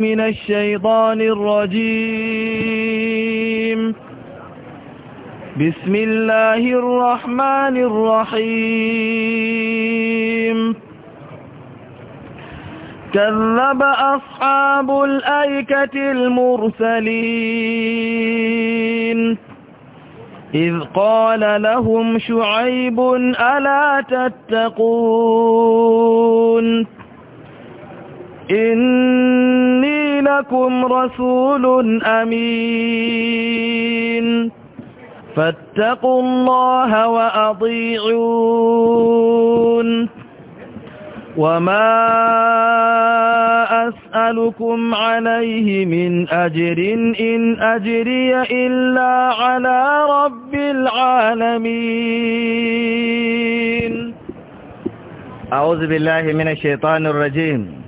من الشيطان الرجيم بسم الله الرحمن الرحيم كذب أصحاب الأيكة المرسلين إذ قال لهم شعيب ألا تتقون إني لكم رسول أمين فاتقوا الله وأطيعون وما أسألكم عليه من أجر إن أجري إلا على رب العالمين أعوذ بالله من الشيطان الرجيم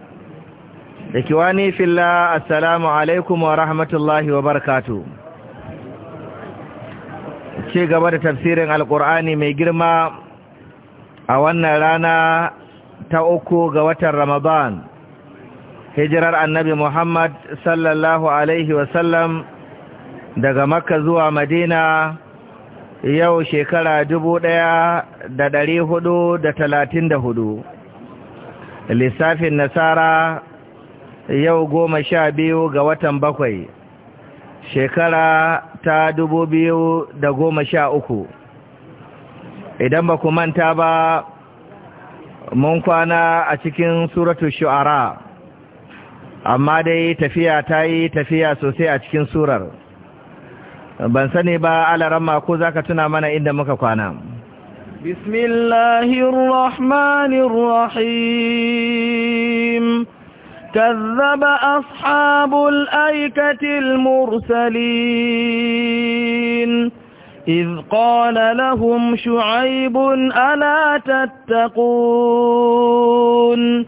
ikiwani filla assalamu alaikum wa rahmatullahi wa barakatu ce gaba da tafsirin Alƙur'ani mai girma a wannan rana ta uku ga watan ramadan hijirar annabi muhammad sallallahu alaihi wasallam daga makka zuwa madina yau shekara dubu ɗaya da ɗari hudu da talatin da hudu lissafin nasara yau goma sha biyu ga watan bakwai shekara ta dubu biyu da goma sha uku idan ba ku manta ba mun kwana a cikin suratu shu'ara amma dai tafiya ta yi tafiya sosai a cikin surar ban sani ba alarama ko za ka tuna mana inda muka kwana bismillahirrahmanirrahim كذب أصحاب الأيكة المرسلين إذ قال لهم شعيب ألا تتقون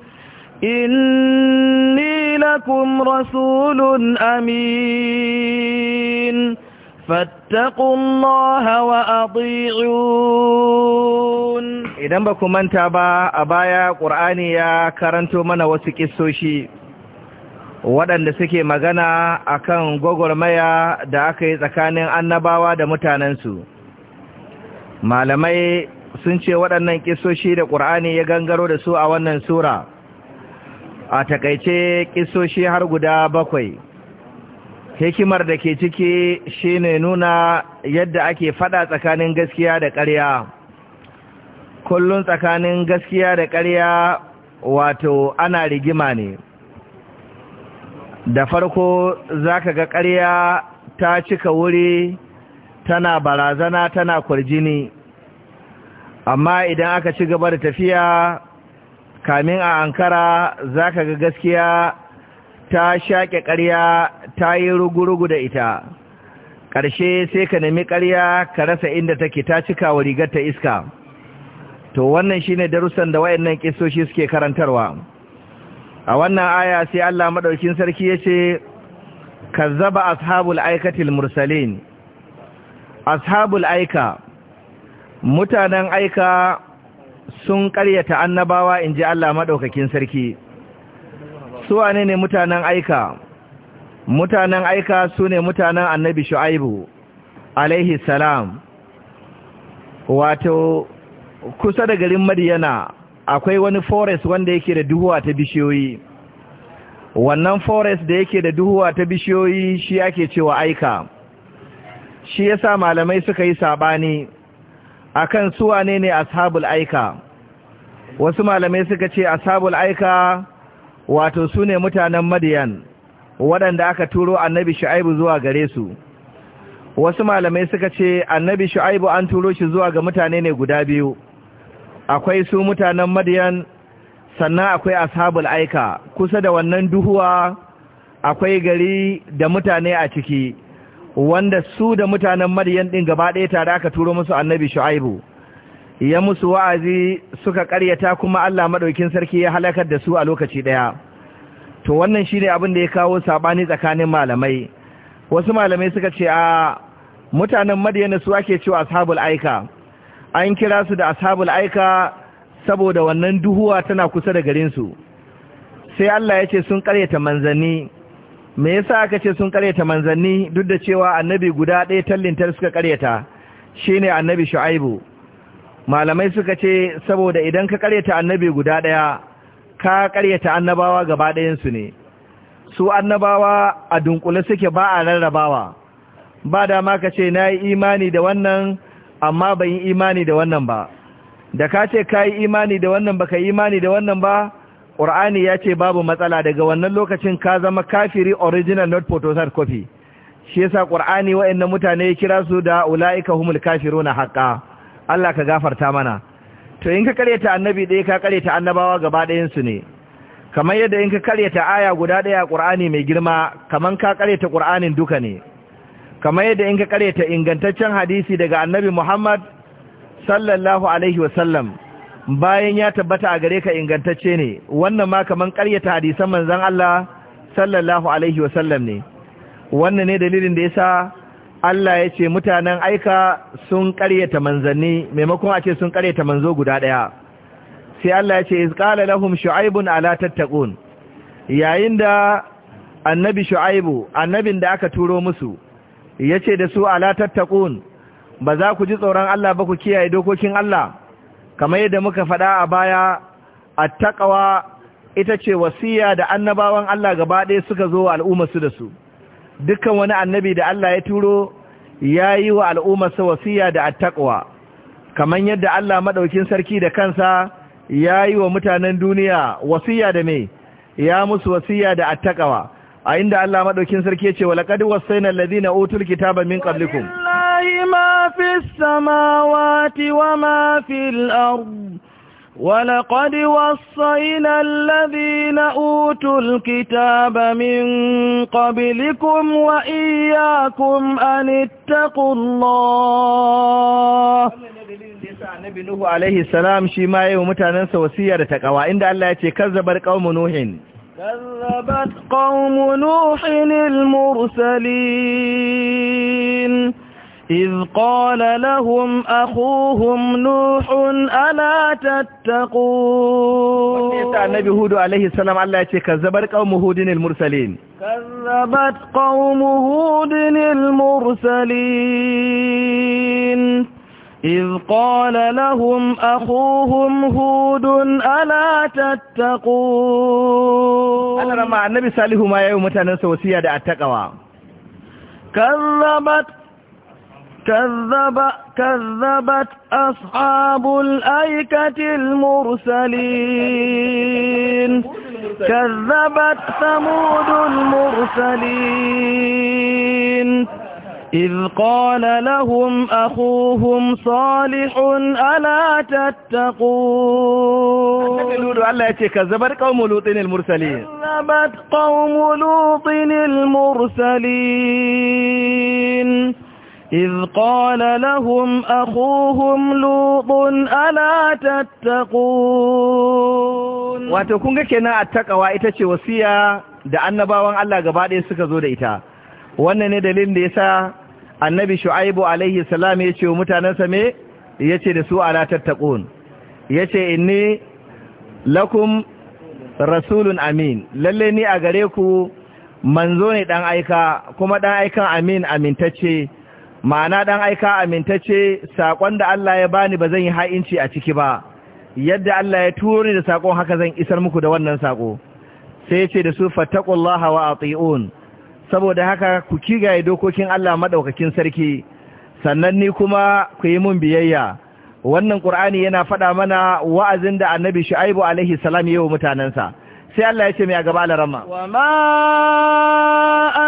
إني لكم رسول أمين فاتقون فاتقوا الله واطيعون idan ba ku manta ba a baya ƙur'ani ya karanto mana wasu ƙisoshi waɗanda suke magana akan gwagwarmaya da aka yi tsakanin annabawa da mutanensu malamai sun ce waɗannan ƙisoshi da ƙur'ani ya gangaro da su a wannan sura a takaice ƙisoshi har guda bakwai hikimar da ke ciki shine nuna yadda ake fada tsakanin gaskiya da ƙarya kullun tsakanin gaskiya da ƙarya wato ana rigima ne da farko zaka ga ƙarya ta cika wuri tana barazana tana kurjini amma idan aka ci gaba da tafiya kamin a ankara zaka ga gaskiya ta shaƙe ƙarya ta yi rugurugu da ita ƙarshe sai ka nemi ƙarya ka rasa inda take ta cika wa rigar ta iska to wannan shi ne darussan da wayannan ƙisoshi suke karantarwa a wannan aya sai Allah madaukin sarki ya ce ka zaba ashabul aikatil mursalin ashabul aika mutanen aika sun ƙaryata annabawa in ji Allah maɗaukakin sarki su wane ne mutanen aika mutanen aika su ne mutanen annabi shu'aibu alaihi salam wato kusa da garin madiyana akwai wani forest wanda yake da duhuwa ta bishiyoyi wannan forest da yake da duhuwa ta bishiyoyi shi ake cewa aika shi yasa malamai suka yi sabani akan su wane ne ashabul aika wasu malamai suka ce ashabul aika wato su ne mutanen madiyan waɗanda aka turo annabi shu'aibu zuwa gare su wasu malamai suka ce annabi shu'aibu an turo shi zuwa ga mutane ne guda biyu akwai su mutanen madiyan sannan akwai ashabul aika kusa da wannan duhuwa akwai gari da mutane a ciki wanda su da mutanen madiyan ɗin gaba ɗaya tare aka turo musu annabi shu'aibu ya musu wa'azi suka karyata kuma Allah maɗaukin sarki ya halakar da su a lokaci ɗaya to wannan shine abin da ya kawo saɓani tsakanin malamai wasu malamai suka ce a mutanen madiyana su ake cewa ashabul aika an kira su da ashabul aika saboda wannan duhuwa tana kusa da garinsu sai Allah ya ce sun karyata manzanni me yasa aka ce sun karyata manzanni duk da cewa annabi guda ɗaya tallintar suka karyata shine annabi shu'aibu malamai suka ce saboda idan ka karyata annabi guda ɗaya ka karyata annabawa gaba ɗayansu ne su annabawa a dunkule suke ba a rarrabawa ba dama ka ce na yi imani da wannan amma ban yi imani da wannan ba da ka ce ka yi imani da wannan ba ka yi imani da wannan ba ƙur'ani ya ce babu matsala daga wannan lokacin ka zama kafiri original not photosat copy shi yasa ƙur'ani wa'annan mutane ya kira su da ula'ika humul na haƙa Allah ka gafarta mana to in ka karyata annabi ɗaya ka karyata annabawa gaba ɗayansu ne kamar yadda in ka karyata aya guda ɗaya ƙur'ani mai girma kamar ka karyata qur'anin duka ne kamar yadda in ka karyata ingantaccen hadisi daga annabi muhammad sallallahu alaihi wasallam bayan ya tabbata a gare ka ingantacce ne wannan ma kamar karyata hadisan manzon Allah sallallahu alaihi wasallam ne wannan ne dalilin da yasa Allah ya ce mutanen aika sun karyata manzanni maimakon a ce sun karyata manzo guda ɗaya sai Allah ya ce izqala lahum shu'aibun ala tattaqun yayin da annabi shu'aibu annabin da aka turo musu yace da su ala tattaqun ba za ku ji tsoron Allah ba ku kiyaye dokokin Allah kamar yadda muka faɗa a baya taƙawa ita ce wasiya da annabawan Allah gaba ɗaya suka zo al'umma su da su dukkan wani annabi da Allah ya turo ya yi wa al'ummarsa wasiya da attaqwa kamar yadda Allah maɗaukin sarki da kansa ya yi wa mutanen duniya wasiya da me ya musu wasiya da attaƙawa. a inda Allah maɗaukin sarki ya ce wa laƙadu wasu, na utul kitaba otul kitabar min ma ولقد وصينا الذين أوتوا الكتاب من قبلكم وإياكم أن اتقوا الله annabi Nuhu alaihi salam shi ma yayin mutanansa wasiya da takawa inda Allah ya ce kazzabar qaumu nuhin kazzabat qaumu nuhin al mursalin إذ قال لهم أخوهم نوح ألا تتقون وكيسا النبي هود عليه السلام الله يتكذبت قوم هود المرسلين كذبت قوم هود المرسلين إذ قال لهم أخوهم هود ألا تتقون أنا رمع النبي صالح ما يوم تنسى وسيادة التقوى كذبت كذب كذبت أصحاب الأيكة المرسلين كذبت ثمود المرسلين إذ قال لهم أخوهم صالح ألا تتقون كذبت قوم لوط المرسلين كذبت قوم لوط المرسلين إذ قال لهم أخوهم لوط ألا تتقون واتكون ita ce إتشي وسيا da annabawan Allah gaba ɗaya suka zo da ita wannan ne dalilin da yasa annabi shu'aibu alaihi salam ya ce wa mutanensa me yace da su ala tattaqun yace inni lakum rasulun amin lallai ni a gare ku manzo ne ɗan aika kuma dan aikan amin amintacce ma'ana ɗan aika amintacce saƙon da Allah ya bani ba zan yi ha'inci a ciki ba yadda Allah ya turi da saƙon haka zan isar muku da wannan saƙo sai ce da su fattaqullaha wa ati'un saboda haka ku kigaye dokokin Allah madaukakin sarki sannan ni kuma ku yi mun biyayya wannan qur'ani yana faɗa mana wa'azin da annabi shu'aibu alaihi salam yi wa mutanansa sai Allah ya ce mai a gaba larama wa ma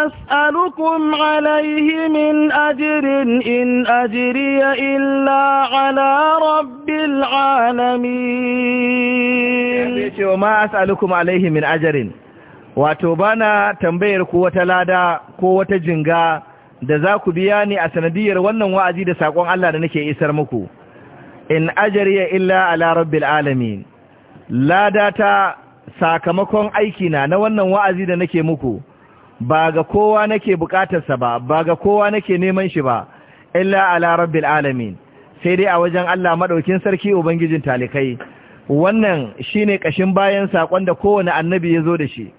as'alukum alaihi min ajirin in ajiriya illa ala rabbil alamin ya ce wa ma as'alukum alaihi min ajirin wato bana tambayar ku wata lada ko wata jinga da za ku biya ni a sanadiyar wannan wa'azi da saƙon Allah da nake isar muku in ajariya illa ala rabbil alamin ladata sakamakon aiki na na wannan wa'azi da nake muku ba ga kowa nake bukatarsa ba ba ga kowa nake neman shi ba illa ala rabbil alamin sai dai a wajen Allah madaukin sarki ubangijin talikai wannan shine kashin bayan sakon da kowane annabi yazo da shi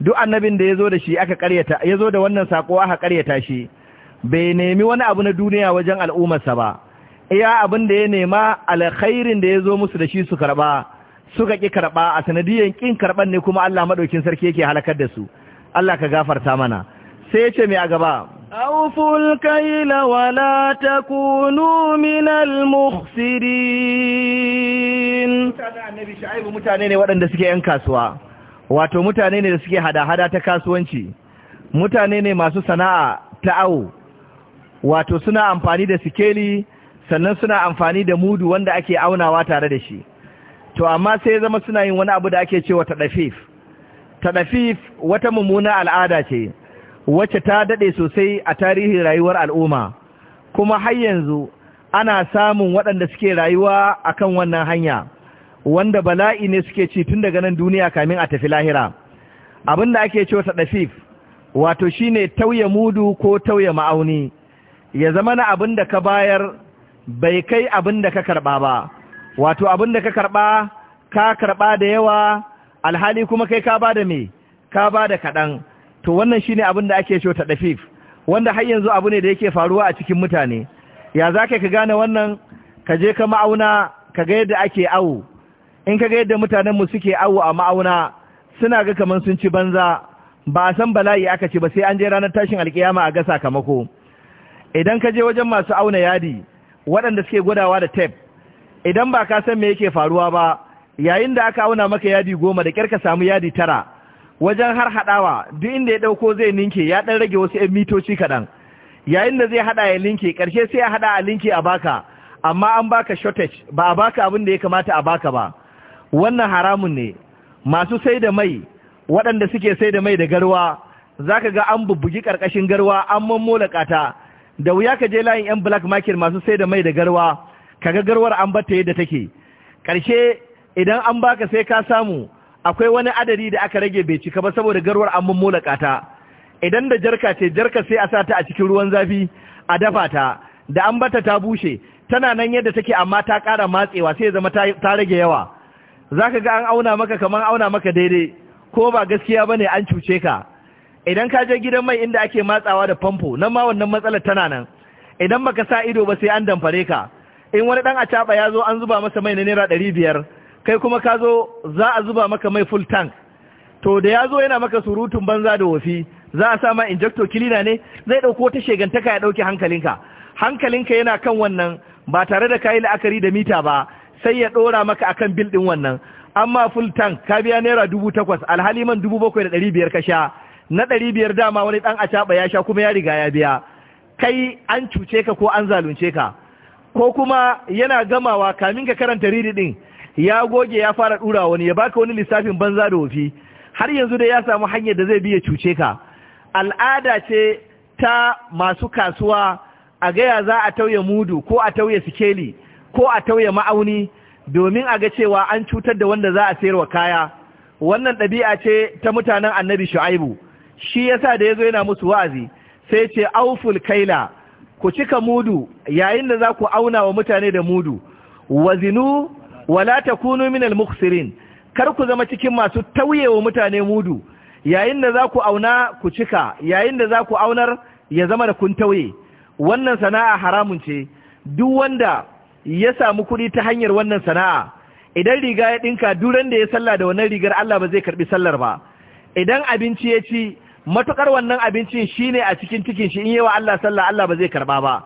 duk annabin da yazo da shi aka karyata yazo da wannan sako aka karyata shi bai nemi wani abu na duniya wajen al'ummarsa ba iya abin da ya nema alkhairin da yazo musu da shi su karba suka ƙi karɓa a sanadiyar ƙin karɓar ne kuma Allah maɗaukin sarki yake halakar da su Allah ka gafarta mana sai ce mai a gaba kai kaila wala takunu minal mukhsirin mutane ne waɗanda suke yan kasuwa wato mutane ne da suke hada-hada ta kasuwanci mutane ne masu sana'a ta awo wato suna amfani da sikeli sannan suna amfani da mudu wanda ake aunawa tare da shi to amma sai zama suna yin wani abu da ake cewa taɗafif taɗafif wata mummuna al'ada ce wacce ta daɗe sosai a tarihin rayuwar al'umma kuma har yanzu ana samun waɗanda suke rayuwa a kan wannan hanya wanda bala'i ne suke ci tun daga nan duniya kamin a tafi lahira abin da ake cewa taɗafif wato shi ne tauye mudu ko tauye ma'auni ya zama na abin da ka bayar bai kai abin da ka karɓa ba wato abin da ka karɓa ka karɓa da yawa alhali kuma kai ka ba da me ka ba da kaɗan to wannan shi ne abin da ake shota ɗafif wanda har yanzu abu ne da yake faruwa a cikin mutane ya za ka gane wannan ka je ka ma'auna ka ga yadda ake awo in ka ga yadda mutanen mu suke awo a ma'auna suna ga kamar sun ci banza ba a san bala'i aka ci ba sai an je ranar tashin alkiyama a ga sakamako idan ka je wajen masu auna yadi waɗanda suke gwadawa da tape idan ba ka san me yake faruwa ba yayin da aka auna maka yadi goma da kyar ka samu yadi tara wajen har haɗawa duk inda ya ɗauko zai ninke ya ɗan rage wasu 'yan mitoci kaɗan yayin da zai haɗa ya linke ƙarshe sai ya haɗa a linke a baka amma an baka shortage ba a baka abin da ya kamata a baka ba wannan haramun ne masu sai da mai waɗanda suke sai da mai da garwa za ka ga an bubbugi ƙarƙashin garwa an mammola ta da wuya ka je layin 'yan black market masu sai da mai da garwa Ka garwar an batta yadda take ƙarshe idan an baka sai ka samu akwai wani adadi da aka rage bai cika ba saboda garwar an mummola kata idan da jarka ce jarka sai a sata a cikin ruwan zafi a dafa ta da an bata ta bushe tana nan yadda take amma ta ƙara matsewa sai zama ta rage yawa zaka ga an auna maka kamar auna maka daidai ko ba gaskiya ne an cuce ka idan ka je gidan mai inda ake matsawa da famfo nan ma wannan matsalar tana nan idan baka sa ido ba sai an damfare ka in wani dan acaba ya zo an zuba masa mai na naira ɗari biyar kai kuma ka zo za a zuba maka mai full tank to da ya zo yana maka surutun banza da wofi za a sama injector kilina ne zai ɗauko ta shegantaka ya ɗauki hankalinka hankalinka yana kan wannan ba tare da kayi la'akari da mita ba sai ya ɗora maka akan bil ɗin wannan amma full tank ka biya naira dubu takwas alhali man dubu bakwai da ɗari biyar ka sha na ɗari biyar dama wani ɗan acaɓa ya sha kuma ya riga ya biya kai an cuce ka ko an zalunce ka ko kuma yana gamawa kamin ka karanta ridi din ya goge ya fara dura wani ya baka wani lissafin banza da wofi har yanzu da ya samu hanyar da zai bi ya cuce ka al'ada ce ta masu kasuwa a gaya za a tauye mudu ko a tauye sikeli ko a tauye ma'auni domin a ga cewa an cutar da wanda za a sayarwa kaya wannan ɗabi'a ce ta mutanen annabi shu'aibu shi yasa da ya zo yana musu wa'azi sai ce auful kaila ku cika mudu yayin da za ku auna wa mutane da mudu wazinu wala ta takunu minal muksirin kar ku zama cikin masu tauye wa mutane mudu yayin da za ku auna ku cika yayin da za ku aunar ya zama da kun tauye wannan sana'a haramun ce duk wanda ya samu kuɗi ta hanyar wannan sana'a idan riga ya ɗinka duran da ya salla da wannan rigar Allah ba zai karɓi sallar ba idan abinci ya ci matuƙar wannan abincin shi ne a cikin cikin shi in yi wa Allah sallah Allah ba zai karba ba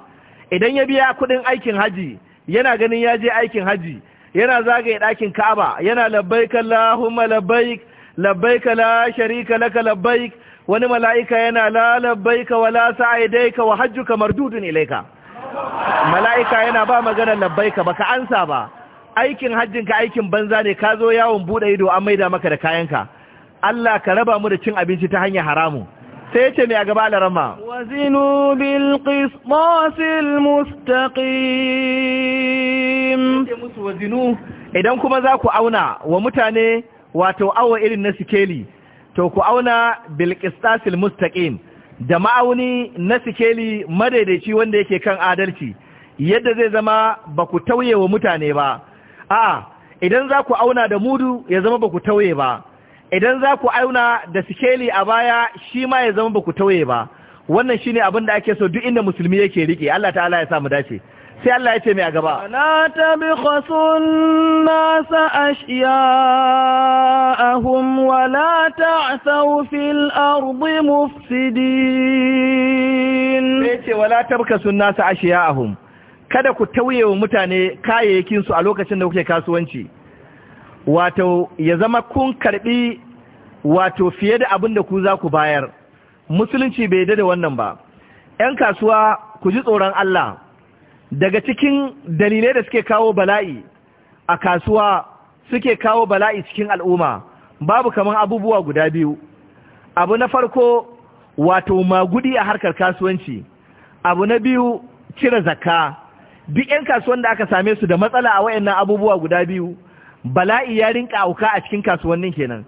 idan ya biya kuɗin aikin haji yana ganin ya je aikin haji yana zagaye ɗakin Ka'aba yana labbaik Allahumma labbaik labbaik la sharika laka labbaik wani mala'ika yana la labbaik wa la sa'idaika wa hajjuka mardudun ilaika mala'ika yana ba magana labbaika baka ansa ba aikin hajjinka aikin banza ne ka zo yawon bude ido an maida maka da kayanka Allah ka raba mu da cin abinci ta hanyar haramu sai ce mai a gaba rama wazinu bil qismasil mustaqim idan kuma za ku auna wa mutane wato awa irin na sikeli to ku auna bil qistasil mustaqim da ma'auni na sikeli madaidaici wanda yake kan adalci yadda zai zama ba ku tauye wa mutane ba a'a idan za ku auna da mudu ya zama ba ku tauye ba idan za ku auna da sikeli a baya shi ma ya zama ba ku tauye ba wannan shine abin da ake so duk inda musulmi yake rike Allah ta'ala ya sa mu dace sai Allah ya ce mai a gaba la tabkhasun a ashya'ahum wa la ta'thaw fil ardi mufsidin sai ce wala shiya a ashya'ahum kada ku tauye wa mutane kayayyakin su a lokacin da kuke kasuwanci wato ya zama kun karbi wato fiye da abin da ku za ku bayar musulunci bai da wannan ba 'yan kasuwa ku ji tsoron Allah daga cikin dalilai da suke kawo bala'i a kasuwa suke kawo bala'i cikin al'umma babu kamar abubuwa guda biyu abu na farko wato magudi a harkar kasuwanci abu na biyu cire zakka duk 'yan kasuwan da aka same su da matsala a wayannan abubuwa guda biyu bala'i ya rinka auka a cikin kasuwannin kenan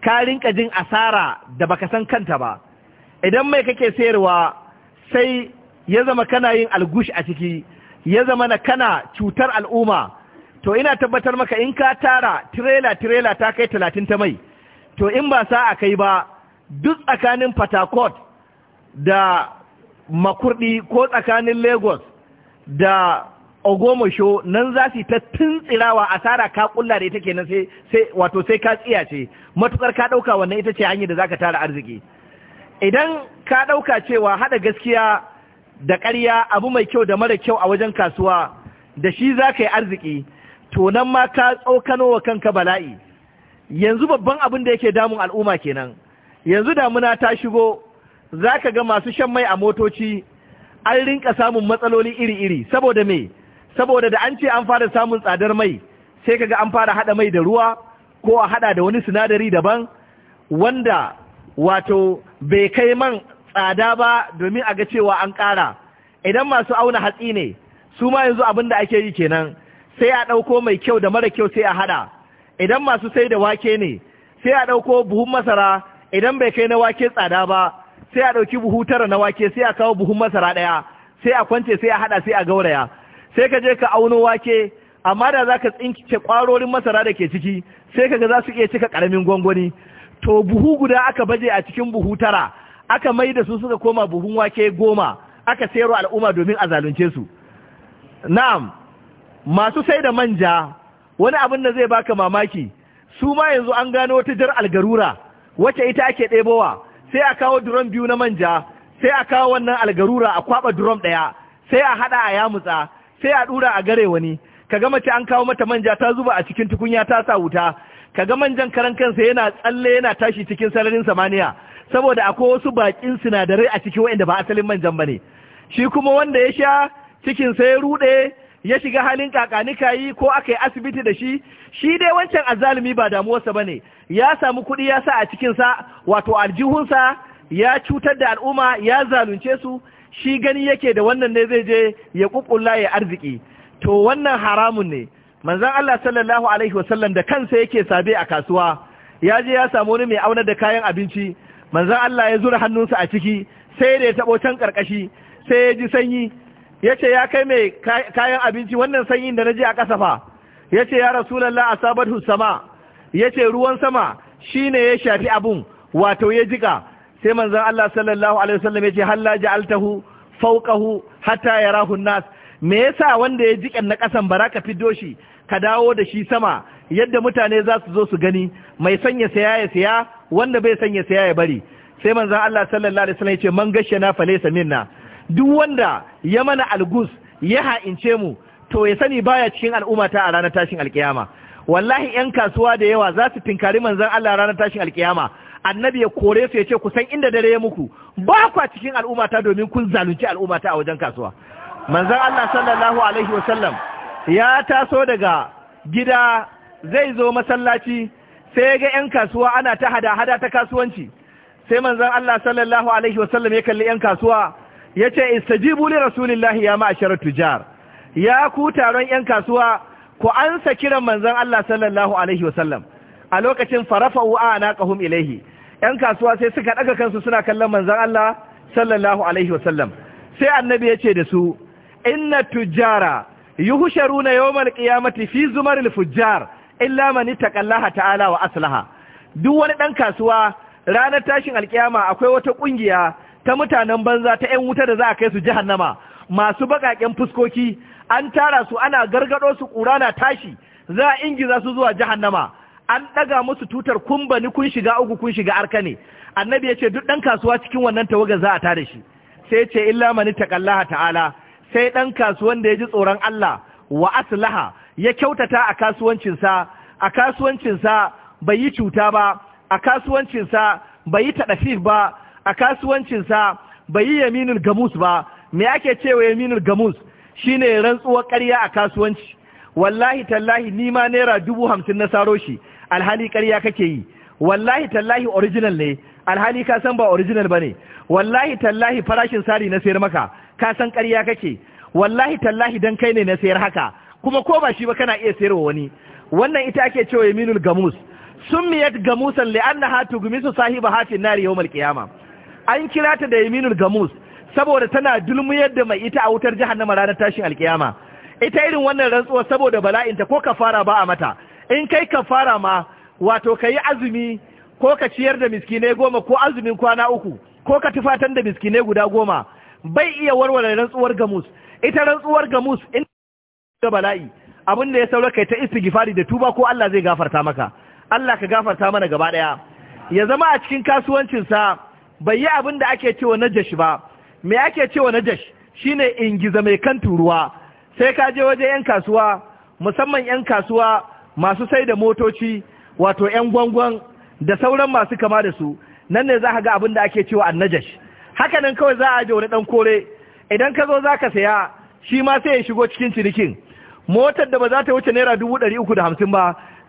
ka rinka jin asara da baka san kanta ba idan mai kake sayarwa sai ya zama kana yin algush a ciki ya zama na kana cutar al'umma to ina tabbatar maka in ka tara tirela tirela ta kai talatin ta mai to in ba sa a kai ba duk tsakanin patakot da makurdi ko tsakanin lagos da ogomasho nan za su ta tuntsirawa asara ka kula da ita kenan nan sai wato sai ka tsiya ce matukar ka dauka wannan ita ce hanyar da za ka tara arziki idan ka ɗauka cewa hada gaskiya da ƙarya abu mai kyau da mara kyau a wajen kasuwa da shi za ka yi arziki to nan ma ka tsokano wa kanka bala'i yanzu babban abin da yake damun al'umma kenan yanzu damuna ta shigo za ka ga masu shan mai a motoci an rinka samun matsaloli iri-iri saboda me saboda da an ce an fara samun tsadar mai sai kaga an fara hada mai da ruwa ko a hada da wani sinadari daban wanda wato bai kai man tsada ba domin a ga cewa an kara idan masu auna hatsi ne su ma yanzu abin da ake yi kenan sai a ɗauko mai kyau da mara kyau sai a haɗa idan masu sai da wake ne sai a ɗauko buhun masara idan bai kai na wake tsada ba sai a ɗauki buhu tara na wake sai a kawo buhun masara ɗaya sai a kwance sai a haɗa sai a gauraya sai ka je ka auno wake amma da za ka tsinkice kwarorin masara da ke ciki sai ka ga za su iya cika ƙaramin gwangwani to buhu guda aka baje a cikin buhu tara aka mai da su suka koma buhun wake goma aka sayarwa al'umma domin a zalunce su na'am masu sai da manja wani abin da zai baka mamaki su ma yanzu an gano wata jar algarura wacce ita ake ɗebowa sai a kawo duron biyu na manja sai a kawo wannan algarura a kwaɓa duron ɗaya sai a haɗa a yamutsa sai a dura a gare wani ka ga mace an kawo mata manja ta zuba a cikin tukunya ta sa wuta kaga manjan karan kansa yana tsalle yana tashi cikin sararin samaniya saboda akwai wasu bakin sinadarai a cikin wanda ba asalin manjan bane shi kuma wanda ya sha cikin sa ya rude ya shiga halin kakanika yi ko aka yi asibiti da shi shi dai wancan azalimi ba damuwarsa ba ne ya samu kuɗi ya sa a cikinsa wato aljihunsa ya cutar da al'umma ya zalunce su shi gani yake da wannan ne zai je ya ƙuƙula ya arziki to wannan haramun ne manzan Allah sallallahu alaihi wasallam da kansa yake sabe a kasuwa ya je ya samu wani mai auna da kayan abinci manzan Allah ya zura hannunsa a ciki sai da ya tabo can karkashi sai ya ji sanyi ya ce ya kai mai kayan abinci wannan sanyin da na je a kasafa ya ce ya rasulallah a sabar sama ya ce ruwan sama shi ne ya shafi abun wato ya jika sai manzan Allah sallallahu alaihi wasallam yace halla ja'altahu fawqahu hatta ya an-nas me yasa wanda ya jiƙan na ƙasan bara ka fiddo shi ka dawo da shi sama yadda mutane za su zo su gani mai sanya saya ya saya wanda bai sanya saya ya bari sai manzon Allah sallallahu alaihi wasallam ce, man fale falaysa minna duk wanda ya mana algus ya ha'ince mu to ya sani baya cikin al'ummata a ranar tashin alƙiyama. wallahi 'yan kasuwa da yawa za su tinkari manzan Allah ranar tashin alkiyama annabi ya kore su ya ce kusan inda dare ya muku ba kwa cikin al'ummata domin kun zalunci al'ummata a wajen kasuwa manzon Allah sallallahu alaihi wasallam ya taso daga gida zai zo masallaci sai ya ga 'yan kasuwa ana ta hada-hada ta kasuwanci sai manzon Allah sallallahu alaihi wasallam ya kalli 'yan kasuwa ya ce istajibu li rasulillahi ya ma'asharar tujar ya ku taron 'yan kasuwa ku ansa kiran manzon Allah sallallahu alaihi wasallam a lokacin farafa farafa'u na anaqahum ilaihi 'yan kasuwa sai suka ɗaga kansu suna kallon manzan Allah sallallahu alaihi wasallam sai annabi ya ce da su inna tujjara yuhsharuna yomar qiyamati fi zumar fujjar illa mani taqallaha ta'ala wa aslaha duk wani ɗan kasuwa ranar tashin alkiyama akwai wata ƙungiya ta mutanen banza ta 'yan wuta da za a kai su jahannama masu baƙaƙen fuskoki an tara su ana gargado su ƙura na tashi za a ingiza su zuwa jahannama an ɗaga musu tutar kun ni kun shiga uku kun shiga arka ne annabi ya ce duk ɗan kasuwa cikin wannan tawagar za a da shi sai ce illa mani taqallaha ta'ala sai ɗan kasuwan da ya ji tsoron Allah wa aslaha ya kyautata a kasuwancinsa a kasuwancinsa bai yi cuta ba a kasuwancinsa bai yi taɗafif ba a kasuwancinsa bai yi yaminul gamus ba me ake cewa yaminul gamus shine rantsuwar ƙarya a kasuwanci wallahi tallahi ni ma naira dubu hamsin na saro shi alhali ƙarya kake yi wallahi tallahi original ne alhali ka san ba original bane wallahi tallahi farashin sari na sayar maka ka san ƙarya kake wallahi tallahi dan kai ne na sayar haka kuma ko ba shi ba kana iya sayarwa wani wannan ita ake cewa yaminul gamus summiyat gamusan li'annaha tugmisu sahibaha fi nari yawmal qiyama an kira ta da yaminul gamus saboda tana dulmuyar da mai ita a wutar jahannama ranar tashin alkiyama ita irin wannan rantsuwa saboda bala'inta ko kafara ba a mata in kai fara ma wato ka yi azumi ko ka ciyar da miskinai goma ko azumin kwana uku ko ka tufatan da miskinai guda goma bai iya warware rantsuwar gamus ita rantsuwar gamus in da bala'i abin da ya saura kai ta istighfari da tuba ko Allah zai gafarta maka Allah ka gafarta mana gaba daya ya zama a cikin kasuwancin sa bai yi abin da ake cewa najash ba me ake cewa najash shine ingiza mai kan turuwa sai ka je waje yan kasuwa musamman yan kasuwa masu sai da motoci wato 'yan gwangwan da sauran masu kama da su nan ne za ka ga abin da ake cewa annajash haka nan kawai za a ajiye wani ɗan kore idan ka zo za ka saya shi ma sai ya shigo cikin cinikin motar da ba za ta wuce naira dubu ɗari uku da hamsin ba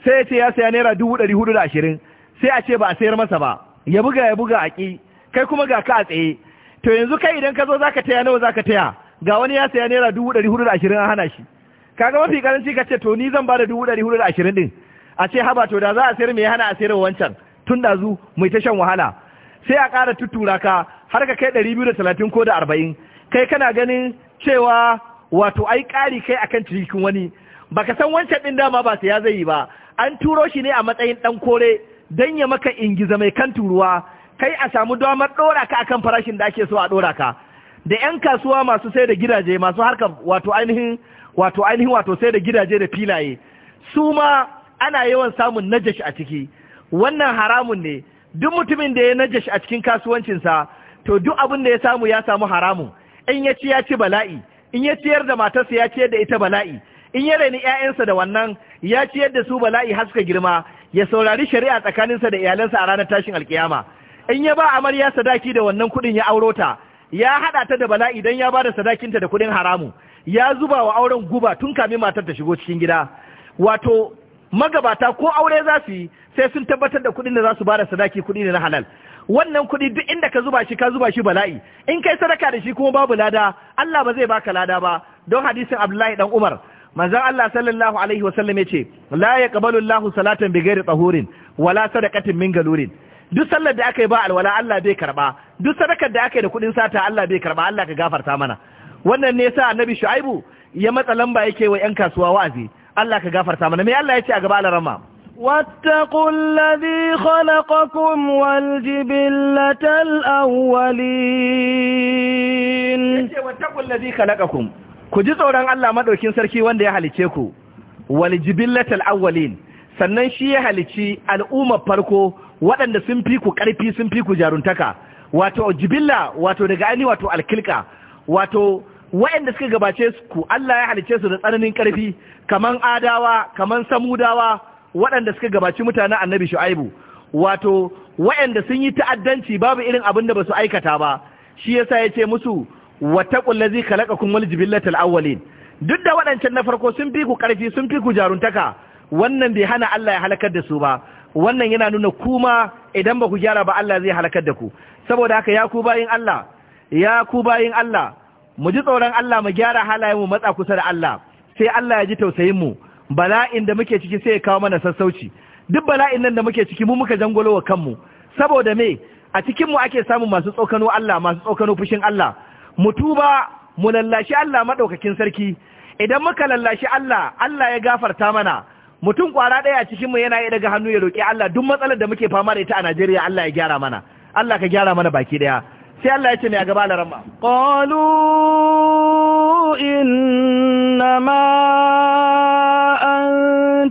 sai ya ce ya saya naira dubu ɗari hudu da ashirin sai a ce ba a sayar masa ba ya buga ya buga a ƙi kai kuma ga ka a tsaye to yanzu kai idan ka zo za ka taya nawa za ka taya ga wani ya saya naira dubu ɗari hudu da ashirin an hana shi kaga mafi karanci ka ce to ni zan ba da dubu ɗari hudu da ashirin ɗin a ce haba to da za a sayar mai hana a sayar wancan tun da zu mai ta shan wahala sai a ƙara tuttura ka har ka kai ɗari biyu da talatin ko da arba'in kai kana ganin cewa wato ai ƙari kai akan cikin wani baka san wancan ɗin dama ba ya zai yi ba an turo shi ne a matsayin ɗan kore don ya maka ingiza mai kan turuwa kai a samu damar ɗora ka akan farashin da ake so a ɗora ka da 'yan kasuwa masu sai da gidaje masu harka wato ainihin wato ainihin wato sai da gidaje da filaye su ma ana yawan samun najash a ciki wannan haramun ne duk mutumin da ya najash a cikin kasuwancinsa to duk abin da ya samu ya samu haramun in ya ci ya ci bala'i in ya ciyar da matarsa ya ciyar da ita bala'i in ya raini 'ya'yansa da wannan ya ciyar da su bala'i har suka girma ya saurari shari'a tsakaninsa da iyalansa a ranar tashin alkiyama in ya ba amarya sadaki da wannan kuɗin ya auro ta ya haɗa ta da bala'i don ya ba da sadakinta da kuɗin haramun ya zuba wa auren guba tun kamin matar ta shigo cikin gida wato magabata ko aure za su yi sai sun tabbatar da kuɗin da za su bada sadaki kuɗi ne na halal wannan kuɗi duk inda ka zuba shi ka zuba shi bala'i in kai sadaka da shi kuma babu lada Allah ba zai baka lada ba don hadisin Abdullahi dan Umar manzon Allah sallallahu alaihi wasallam yace la yaqbalu Allahu salatan bighairi tahurin wala sadaqatin min galurin duk sallar da aka yi ba alwala Allah bai karba duk sadakar da aka yi da kuɗin sata Allah bai karba Allah ka gafarta mana wannan ne sa annabi shu'aibu ya matsa lamba yake wa yan kasuwa wa'azi Allah ka gafarta mana me Allah ya ce a gaba alarama واتقوا الذي خلقكم والجبلة wattaqul ladhi khalaqakum ku ji tsoron Allah madaukin sarki wanda ya halice ku waljibillatal awwalin sannan shi ya halici al'ummar farko waɗanda sun fi ku ƙarfi sun fi ku jaruntaka wato jibilla wato daga aini wato alkilka wato waɗanda suka gabace ku Allah ya halice su da tsananin ƙarfi kaman adawa kaman samudawa waɗanda suka gabaci mutanen annabi shu'aibu wato wa'anda sun yi ta'addanci babu irin abin da ba su aikata ba shi yasa ya ce musu zai ladzi khalaqakum wal jibillatal awwalin duk da waɗancan na farko sun fi ku ƙarfi sun fi ku jaruntaka wannan bai hana Allah ya halakar da su ba wannan yana nuna kuma idan ba ku gyara ba Allah zai halakar da ku saboda haka ya ku bayin Allah ya ku bayin Allah mu ji tsoron Allah mu gyara halayen mu matsa kusa da Allah sai Allah ya ji tausayin mu bala'in da muke ciki sai ya kawo mana sassauci duk bala'in nan da muke ciki mu muka jangolo wa kanmu saboda me a cikin mu ake samun masu tsokano Allah masu tsokano fushin Allah mu tuba mu lallashi Allah madaukakin sarki idan muka lallashi Allah Allah ya gafarta mana mutum kwara ɗaya a cikin mu yana yi daga hannu ya roki Allah duk matsalar da muke fama da ita a Najeriya Allah ya gyara mana Allah ka gyara mana baki daya sai Allah ya ce mai a gaba da ramma in inna ma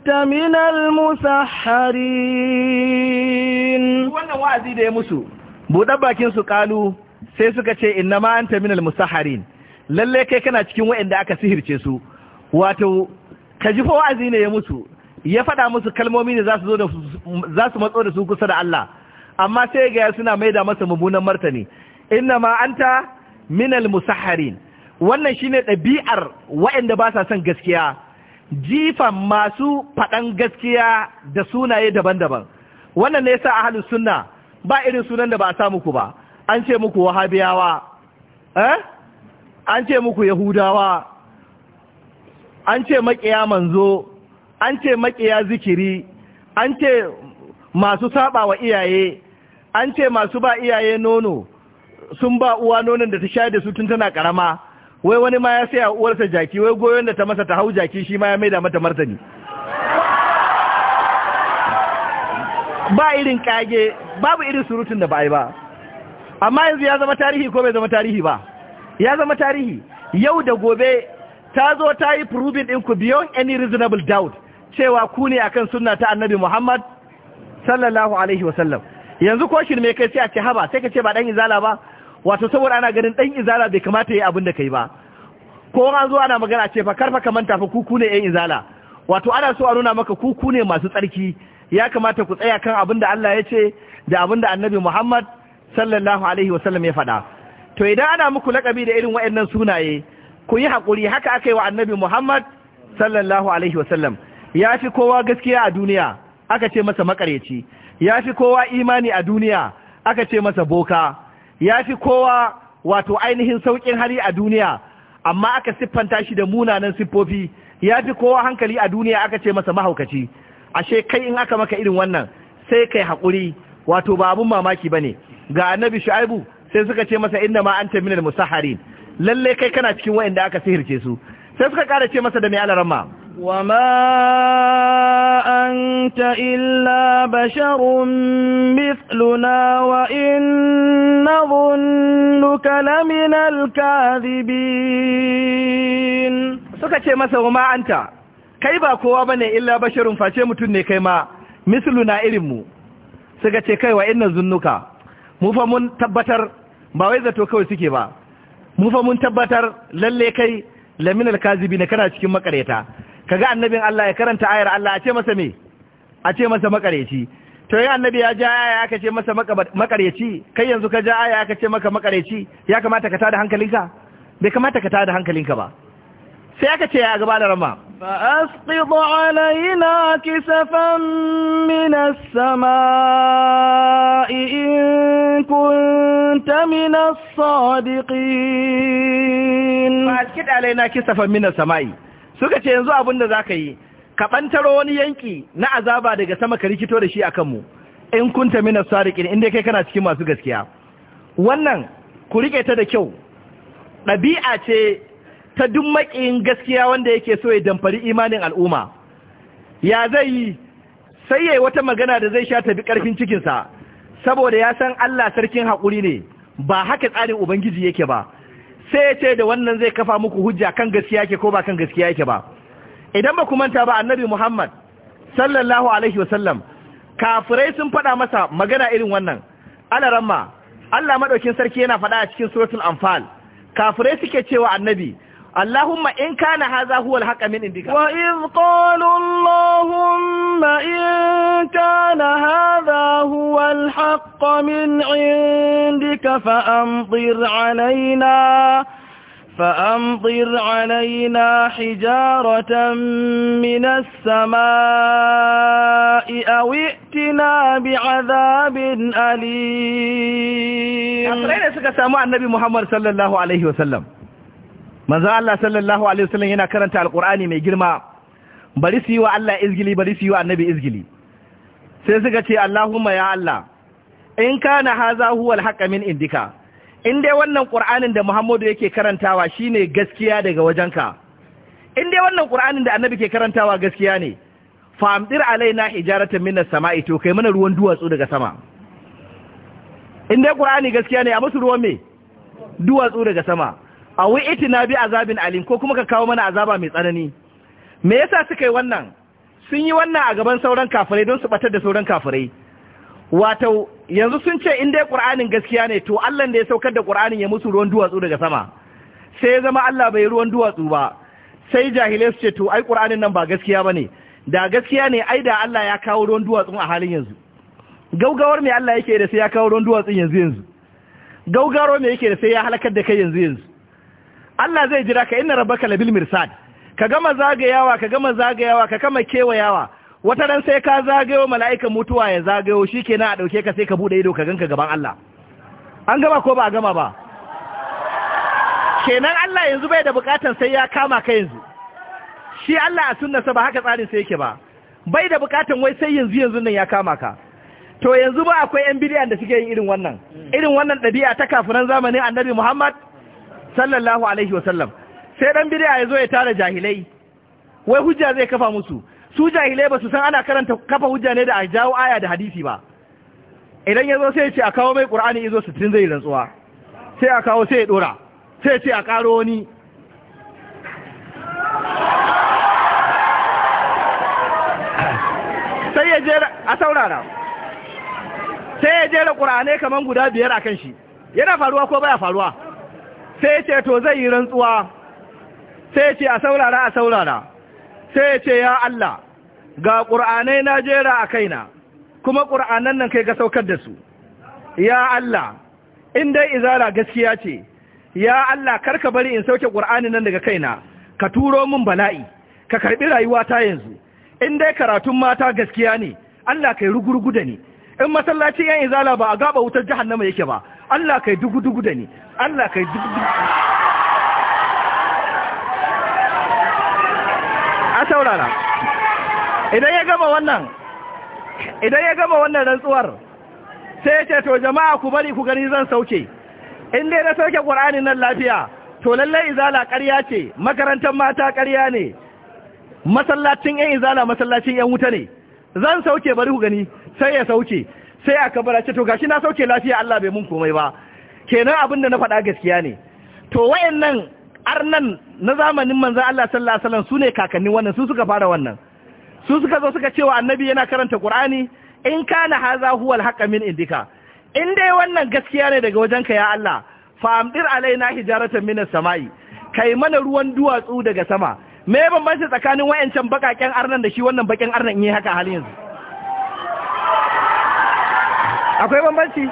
ta minal Musa musahharin wannan wa'azi da ya musu buɗa bakin su kalu sai suka ce inna ma ta min Musa musahharin lalle kai kana cikin wa'inda aka sihirce su wato ka ji fa wa'azi ne ya musu ya faɗa musu kalmomi ne za su matso da su kusa da Allah amma sai ga suna maida masa mummunan martani inna ma anta minal musaharin wannan shine ɗabi'ar waɗanda ba sa son gaskiya jifan masu faɗan gaskiya da sunaye daban-daban wannan ne yasa halin sunna ba irin sunan da ba a samu ku ba an ce muku wahabiyawa eh an ce muku yahudawa an ce makiya manzo an ce makiya zikiri an ce masu saba wa iyaye an ce masu ba iyaye nono sun ba uwa nonon da ta sha da su tun tana karama wai wani ma ya saya uwarsa jaki wai goyon da ta masa ta hau jaki shi ma ya maida mata martani ba irin kage babu irin surutun da ba ai ba amma yanzu ya zama tarihi ko bai zama tarihi ba ya zama tarihi yau da gobe ta zo ta yi proving din ku beyond any reasonable doubt cewa ku ne akan sunna ta annabi Muhammad sallallahu alaihi wasallam yanzu ko shirme kai sai a ce haba sai ka ce ba dan izala ba wato saboda ana ganin dan izala bai kamata yayi abin da kai ba ko an zo ana magana ce fa karfa kamanta fa kuku ne yan izala wato ana so a nuna maka kuku ne masu tsarki ya kamata ku tsaya kan abin da Allah ya ce da abin da Annabi Muhammad sallallahu alaihi wasallam ya faɗa to idan ana muku lakabi da irin waɗannan sunaye ku yi haƙuri haka aka yi wa Annabi Muhammad sallallahu alaihi wasallam ya fi kowa gaskiya a duniya aka ce masa makareci ya fi kowa imani a duniya aka ce masa boka ya fi kowa wato ainihin sauƙin hali a duniya amma aka siffanta shi da munanan siffofi ya fi kowa hankali a duniya aka ce masa mahaukaci ashe kai in aka maka irin wannan sai kai haƙuri wato ba abun mamaki ba ne ga annabi shu'aibu sai suka ce masa inna ma anta minal musahharin lalle kai kana cikin wa'anda aka sihirce su sai suka ƙara ce masa da mai alaramma وما أنت إلا بشر مثلنا وإن نظنك لمن الكاذبين suka ce masa wa ma'anta kai ba kowa ba ne illa basharun face mutum ne kai ma "Misluna na irinmu suka ce kai wa inna zunnuka mu fa mun tabbatar ba wai zato kawai suke ba mu fa mun tabbatar lalle kai laminal kazibi ne kana cikin makareta Ka ga annabin Allah ya karanta ayar Allah a ce masa me a ce masa makareci to yi annabi ya ja aya aka ce masa makareci kai yanzu ka ja aya aka ce maka makareci ya kamata ka tada hankalinka bai kamata ka tada hankalinka ba sai aka ce ya gaba da rama as-samaa'i in kunta min as-sadiqin fa الصادقين فأسقط kisafan min as-samaa'i suka ce yanzu abin da za ka yi ka ɓantaro wani yanki na azaba daga sama ka rikito da shi a kanmu in kunta mina sarikin inda kai kana cikin masu gaskiya wannan ku riƙe ta da kyau ɗabi'a ce ta duk gaskiya wanda yake so ya damfari imanin al'umma ya zai yi sai ya wata magana da zai sha tafi ƙarfin cikinsa saboda ya san Allah sarkin haƙuri ne ba haka tsarin Ubangiji yake ba sai ya ce da wannan zai kafa muku hujja kan gaskiya yake ko ba kan gaskiya yake ba idan ba ku manta ba annabi muhammad sallallahu alaihi wasallam kafirai sun faɗa masa magana irin wannan alaramma allah maɗaukin sarki yana faɗa a cikin suratul anfal kafirai suke cewa annabi اللهم إن كان هذا هو الحق من عندك وإذ قالوا اللهم إن كان هذا هو الحق من عندك فأمطر علينا فأمطر علينا حجارة من السماء أو ائتنا بعذاب أليم أخرين سكسامو النبي محمد صلى الله عليه وسلم manzo Allah sallallahu alaihi wasallam yana karanta alqur'ani mai girma bari su yi wa Allah izgili bari su yi wa annabi izgili sai suka ce Allahumma ya Allah in kana haza huwal haqqa min indika in dai wannan qur'anin da Muhammadu yake karantawa shine gaskiya daga wajenka in dai wannan qur'anin da annabi ke karantawa gaskiya ne famdir alaina hijaratan minas sama'i to kai mana ruwan duwatsu daga sama in dai qur'ani gaskiya ne a musu ruwan me duwatsu daga sama a wi'iti na bi azabin alim ko kuma ka kawo mana azaba mai tsanani me yasa suka yi wannan sun yi wannan a gaban sauran kafirai don su batar da sauran kafirai wato yanzu sun ce in dai qur'anin gaskiya ne to Allah da ya saukar da qur'anin ya musu ruwan duwatsu daga sama sai ya zama Allah bai ruwan duwatsu ba sai jahilai su ce to ai qur'anin nan ba gaskiya bane da gaskiya ne ai da Allah ya kawo ruwan duwatsun a halin yanzu gaugawar me Allah yake da sai ya kawo ruwan duwatsun yanzu yanzu gaugaro me yake da sai ya halakar da kai yanzu yanzu Allah zai jira ka inna rabbaka labil mirsad ka gama zagayawa ka gama zagayawa ka kama kewayawa wata ran sai ka zagayo mala'ika mutuwa ya zagayo shikenan a dauke ka sai ka bude ido ka ganka gaban Allah an gama ko ba a gama ba kenan Allah yanzu bai da bukatan sai ya kama ka yanzu shi Allah a sunnarsa ba haka tsarin sai yake ba bai da bukatan wai sai yanzu yanzu nan ya kama ka to yanzu ba akwai yan bidiyan da suke yin irin wannan irin wannan ɗabi'a ta kafiran zamanin annabi Muhammad sallallahu alaihi wasallam sai dan bid'a yazo zo ya tara jahilai wai hujja zai kafa musu su jahilai ba su san ana karanta kafa hujja ne da ajawo aya da hadisi ba idan ya zo sai ce a kawo mai qur'ani izo tin zai rantsuwa sai a kawo sai ya dora sai ya ce a karo wani sai ya jera a saurara sai ya jera ƙurane kamar guda biyar a kan shi yana faruwa ko baya faruwa sai ce to zai yi rantsuwa sai ce a saurara a saurara sai ce ya Allah ga ƙur'anai na jera a kaina kuma ƙur'anan nan kai ga saukar da su ya Allah in dai izara gaskiya ce ya Allah karka bari in sauke ƙur'ani nan daga kaina ka turo min bala'i ka karɓi rayuwata yanzu in dai karatun mata gaskiya ne Allah kai rugurugu da ni in masallacin yan izala ba a gaba wutar jahannama yake ba Allah kai dugu-dugu da ni Allah kai dugu-dugu a saurara idan ya gama wannan idan ya gama wannan rantsuwar sai ya ce to jama'a ku bari ku gani zan sauke in dai na sauke ƙwar'ani nan lafiya to lallai izala ƙarya ce makarantar mata ƙarya ne masallacin 'yan izala masallacin 'yan wuta ne zan sauke bari ku gani sai ya sauke sai aka bara ce to gashi na sauke lafiya Allah bai mun komai ba kenan abin da na faɗa gaskiya ne to wayannan arnan na zamanin manzon Allah sallallahu alaihi wasallam sune kakannin wannan su suka fara wannan su suka zo suka cewa annabi yana karanta Qur'ani in kana haza huwal haqqa min indika in dai wannan gaskiya ne daga wajenka ya Allah fa'amdir alaina hijaratan minas sama'i kai mana ruwan duwatsu daga sama me banbanci tsakanin wayancan bakaken arnan da shi wannan bakin arnan in yi haka halin yanzu akwai bambanci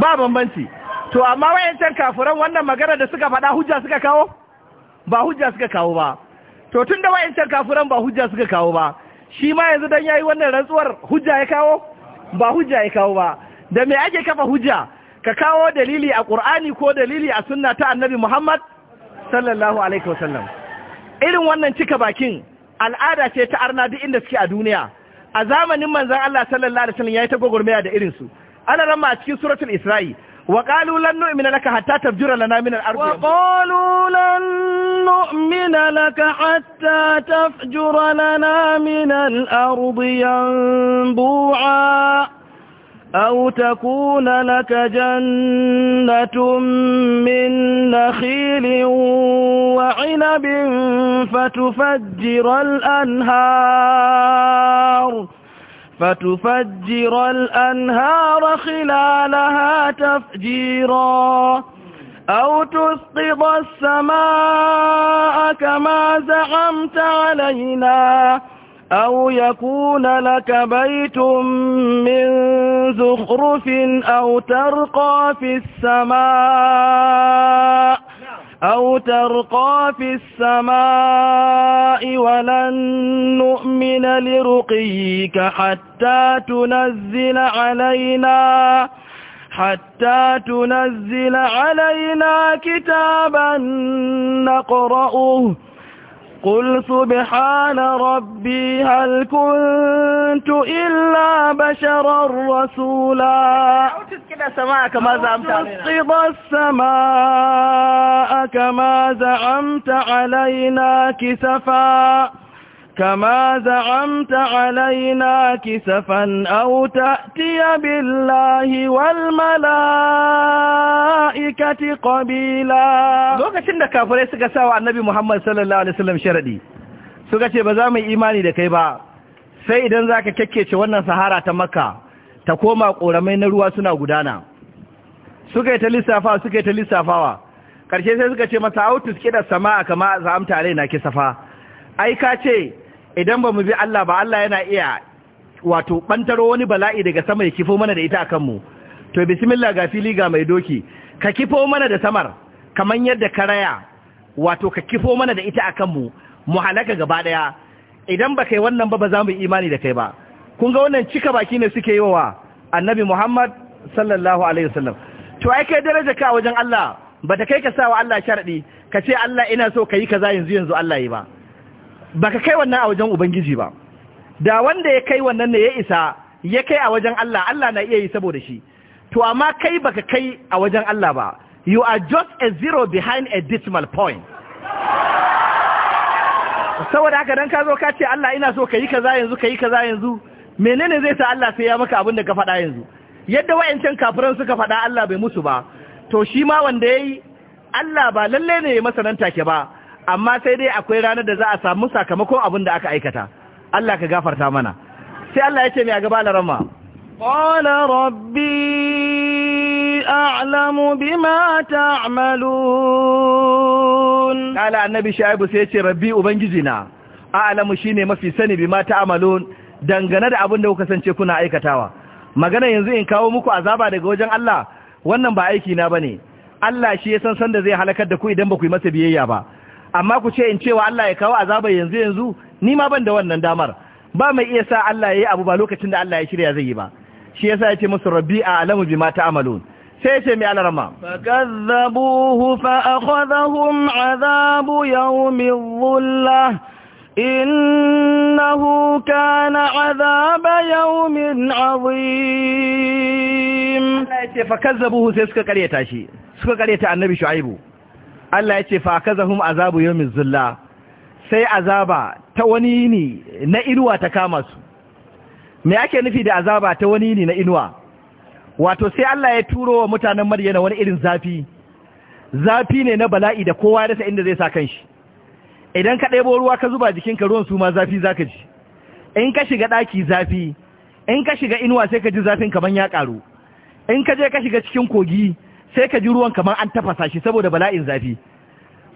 ba bambanci to amma wayancan kafuran wannan magana da suka faɗa hujja suka kawo ba hujja suka kawo ba to tun da wayancan kafuran ba hujja suka kawo ba shi ma yanzu dan yayi wannan rantsuwar hujja ya kawo ba hujja ya kawo ba da me ake kafa hujja ka kawo dalili a Qur'ani ko dalili a sunna ta Annabi Muhammad sallallahu alaihi wasallam irin wannan cika bakin al'ada ce ta arna duk inda suke a duniya a zamanin manzon Allah sallallahu alaihi wasallam yayi ta gogormaya da irin su أنا لما a سورة suratul وقالوا لن نؤمن لك حتى تفجر لنا من الأرض وقالوا لن نؤمن لك حتى تفجر لنا من الأرض ينبوعا أو تكون لك جنة من نخيل وعنب فتفجر الأنهار فتفجر الأنهار خلالها تفجيرا أو تسقط السماء كما زعمت علينا أو يكون لك بيت من زخرف أو ترقى في السماء أو ترقى في السماء ولن نؤمن لرقيك حتى تنزل علينا حتى تنزل علينا كتابا نقرأه قل سبحان ربي هل كنت إلا بشرا رسولا تسقط السماء كما زعمت علينا كسفا كما زعمت علينا كسفا أو تأتي بالله والملائكة قبيلا لوكacin da kafirai suka sawa annabi Muhammad sallallahu alaihi wasallam sharadi suka ce ba za mu imani da kai ba sai idan zaka kekkece wannan sahara ta Makka ta koma koramai na ruwa suna gudana suka yi ta lissafa suka ta lissafawa karshe sai suka ce masa autus kida sama'a kama zamta alaina kisafa ai ka ce idan ba mu bi Allah ba Allah yana iya wato bantaro wani bala'i daga sama ya kifo mana da ita a kanmu to bismillah ga fili ga mai doki ka kifo mana da samar kamar yadda karaya wato ka kifo mana da ita a kanmu mu halaka gaba daya idan ba kai wannan ba ba za mu imani da kai ba kun ga wannan cika baki ne suke yi wa annabi muhammad sallallahu alaihi wasallam to ai kai daraja ka wajen Allah ba ta kai ka sawa Allah sharadi ka ce Allah ina so ka yi kaza yanzu yanzu Allah yi ba Ba ka kai wannan a wajen ubangiji ba da wanda ya kai wannan ne ya isa ya kai a wajen Allah Allah na iya yi saboda shi to amma kai ba ka kai a wajen Allah ba you are just a zero behind a decimal point saboda haka don ka zo ka ce Allah ina so ka yi kaza yanzu ka yi kaza yanzu menene zai sa Allah sai ya maka abin da ka faɗa yanzu yadda wayancan kafiran suka faɗa Allah bai musu ba to shi ma wanda ya yi Allah ba lallai ne ya masa nan take ba amma sai dai akwai ranar da za a samu sakamakon abin da aka aikata Allah ka gafarta mana sai Allah ya ce mai a gaba larama ƙwala rabbi a'lamu bima ta'malun kala annabi shaibu sai ce rabbi ubangiji na a'lamu ne mafi sani bima ta'malun dangane da abin da kuka sance kuna aikatawa magana yanzu in kawo muku azaba daga wajen Allah wannan ba aiki na ba ne. Allah shi ya san san da zai halakar da ku idan ba ku yi masa biyayya ba amma ku ce in cewa Allah ya kawo azaba yanzu yanzu ni ma ban da wannan damar ba mai iya sa Allah ya yi abu ba lokacin da Allah ya shirya zai yi ba shi yasa ya ce musu rabbi a alamu mata amalu sai ce mai alarma fakazzabuhu fa akhadhahum azabu yawmin dhulla innahu kana azaba yawmin azim Allah ya ce fakazzabuhu sai suka shi suka karyata annabi shu'aibu Allah ya ce fa akazahum azabu yawmin zulla sai azaba ta wani ne na inuwa ta kama su me ake nufi da azaba ta wani ne na inuwa wato sai Allah ya turo wa mutanen Maryana wani irin zafi zafi ne na bala'i da kowa ya rasa inda zai sa kanshi idan ka ɗebo ruwa ka zuba jikinka ruwan su ma zafi zaka ji in ka shiga ɗaki zafi in ka shiga inuwa sai ka ji zafin kaman ya karu in ka je ka shiga cikin kogi sai ka ji ruwan kamar an tafasa shi saboda bala'in zafi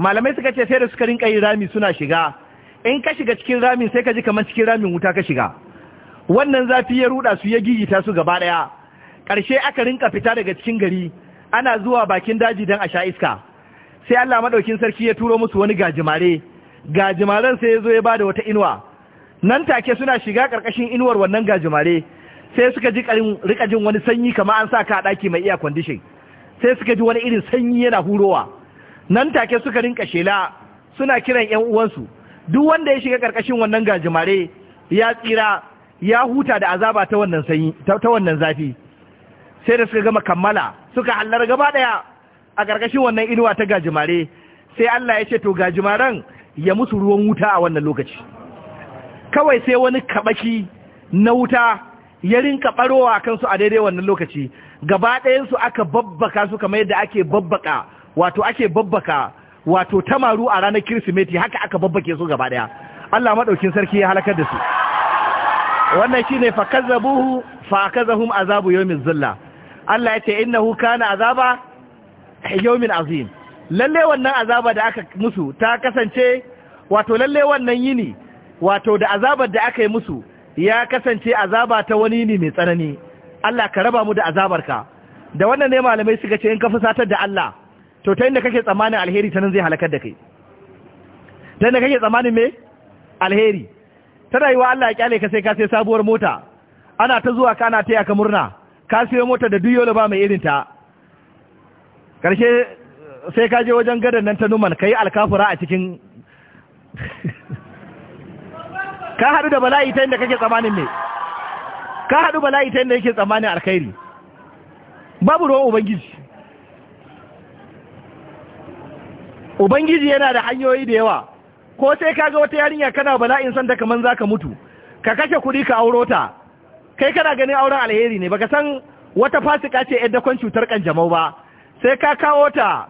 malamai suka ce sai da suka rinka yin rami suna shiga in ka shiga cikin ramin sai ka ji kamar cikin ramin wuta ka shiga wannan zafi ya ruɗa su ya gigita su gaba daya ƙarshe aka rinka fita daga cikin gari ana zuwa bakin daji don a sha iska sai Allah madaukin sarki ya turo musu wani gajimare gajimaren sai ya zo ya bada wata inuwa nan take suna shiga ƙarƙashin inuwar wannan gajimare sai suka ji rika jin wani sanyi kamar an sa ka a ɗaki mai iya kwandishin sai suka ji wani irin sanyi yana hurowa nan take suka rinka shela suna kiran yan uwansu duk wanda ya shiga karkashin wannan gajimare ya tsira ya huta da azaba ta wannan sanyi ta wannan zafi sai da suka gama kammala suka hallar gaba daya a karkashin wannan inuwa ta gajimare sai Allah ya ce to gajimaren ya musu ruwan wuta a wannan lokaci kawai sai wani kabaki na wuta ya rinka barowa kansu a daidai wannan lokaci gaba ɗayansu aka babbaka su kamar yadda ake babbaka wato ake babbaka wato tamaru a ranar kirsimeti haka aka babbake su gaba ɗaya Allah maɗaukin sarki ya halakar da su wannan shine fa kazzabuhu fa kazahum azabu yawmin zilla Allah ya ce innahu kana azaba yawmin azim lalle wannan azaba da aka musu ta kasance wato lalle wannan yini wato da azabar da aka yi musu ya kasance azaba ta wani ne mai tsanani Allah ka raba mu da azabarka da wannan ne malamai suka ce in ka fusatar da Allah to ta inda kake tsammanin alheri ta nan zai halakar da kai ta inda kake tsammanin me alheri ta rayuwa Allah ya kyale ka sai ka sai sabuwar mota ana ta zuwa kana taya ka murna ka siyo mota da duyo ba mai irin ta karshe sai ka je wajen gadan nan ta numan kai alkafura a cikin ka haɗu da bala'i ta inda kake tsammanin me. ka haɗu bala'i ta yadda yake tsammanin alkhairi babu ruwan ubangiji ubangiji yana da hanyoyi da yawa ko sai ka ga wata yarinya kana bala'in santa kamar za ka mutu ka kashe kuɗi ka auro ta kai kana ganin auren alheri ne baka san wata fasika ce yadda kwan cutar kanjamau ba sai ka kawo ta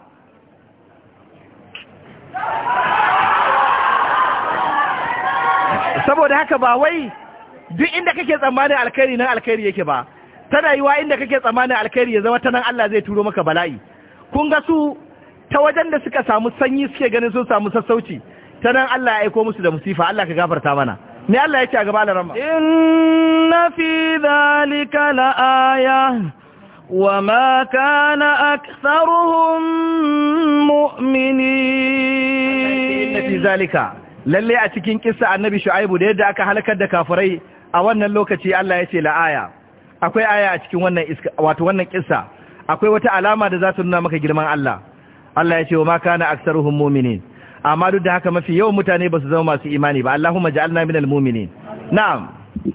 saboda haka ba wai duk inda kake tsammanin alkhairi nan alkhairi yake ba tana yiwa inda kake tsammanin alkhairi ya zama ta nan Allah zai turo maka bala'i kun ga su ta wajen da suka samu sanyi suke ganin sun samu sassauci ta nan Allah ya aiko musu da musifa Allah ka gafarta mana ne Allah ya ce a gaba da rama inna fi dhalika laaya wa ma kana aktharuhum mu'minin inna fi zalika lalle a cikin kissa annabi shu'aibu da yadda aka halakar da kafirai a wannan lokaci Allah ya ce la'aya akwai aya a cikin wannan iska wato wannan kissa akwai wata alama da za ta nuna maka girman Allah Allah ya ce wa ma kana aktsaruhum mu'minin amma duk da haka mafi yawan mutane ba su zama masu imani ba Allahumma ja'alna minal mu'minin na'am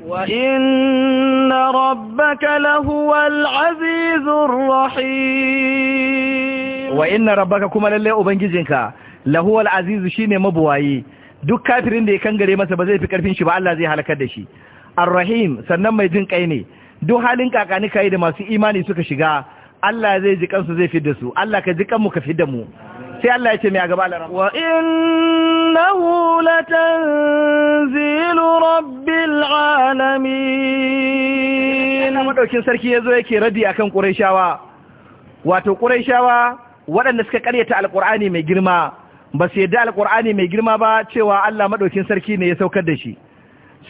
wa inna rabbaka lahuwal azizur rahim wa inna rabbaka kuma lalle ubangijinka lahuwal azizu shine mabuwayi duk kafirin da ya kangare masa ba zai fi karfin shi ba Allah zai halakar da shi ar-rahim sannan mai jin kai ne duk halin kakani kai da masu imani suka shiga Allah zai ji kansu zai fidda su Allah ka ji kanmu ka fidda mu sai Allah ya ce mai a gaba larama wa innahu latanzilu rabbil alamin madaukin sarki yazo yake radi akan quraishawa wato quraishawa waɗanda suka karyata alqur'ani mai girma ba su yadda alqur'ani mai girma ba cewa Allah madaukin sarki ne ya saukar da shi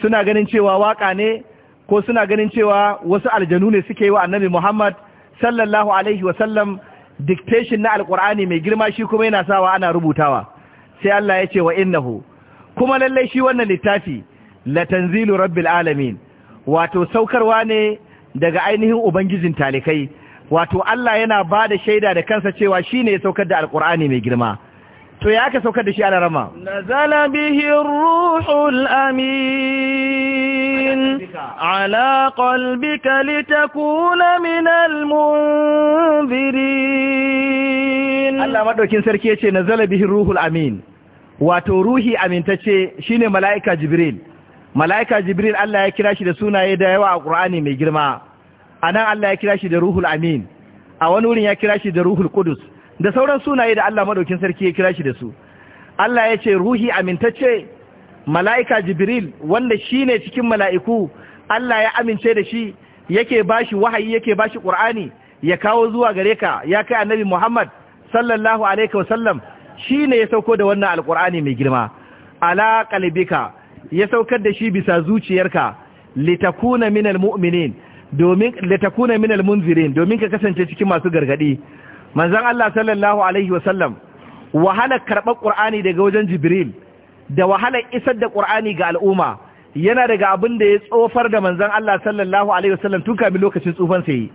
suna ganin cewa waka ne ko suna ganin cewa wasu aljanu ne suke yi wa annabi Muhammad sallallahu alaihi wa sallam dictation na alkur'ani mai girma shi kuma yana sawa ana rubutawa sai Allah ya ce wa innahu kuma lallai shi wannan littafi latanzilu rabbil alamin wato saukarwa ne daga ainihin ubangijin talikai wato Allah yana bada shaida da kansa cewa shine ya saukar da alkur'ani mai girma to ya aka saukar da shi ana rama nazala bihi ruhul amin ala qalbika litakuna minal munzirin Allah madaukin sarki yace nazala bihi ruhul amin wato ruhi amintacce shine mala'ika jibril mala'ika jibril Allah ya kira shi da sunaye da yawa a Qur'ani mai girma anan Allah ya kira shi da ruhul amin a wani wurin ya kira shi da ruhul qudus da sauran sunaye da Allah madaukin sarki ya kira shi da su Allah ya ce ruhi amintacce mala'ika jibril wanda shine cikin mala'iku Allah ya amince da shi yake bashi wahayi yake bashi qur'ani ya kawo zuwa gare ka ya kai annabi Muhammad sallallahu alaihi wasallam shi ne ya sauko da wannan alqur'ani mai girma ala qalbika ya saukar da shi bisa zuciyarka litakuna minal mu'minin domin litakuna minal munzirin domin ka kasance cikin masu gargadi manzon Allah sallallahu alaihi wasallam wahalar karɓar ƙur'ani daga wajen jibril da wahalar isar da ƙur'ani ga al'umma yana daga abin da ya tsofar da manzon Allah sallallahu alaihi wasallam tun kamin lokacin tsufan sa yi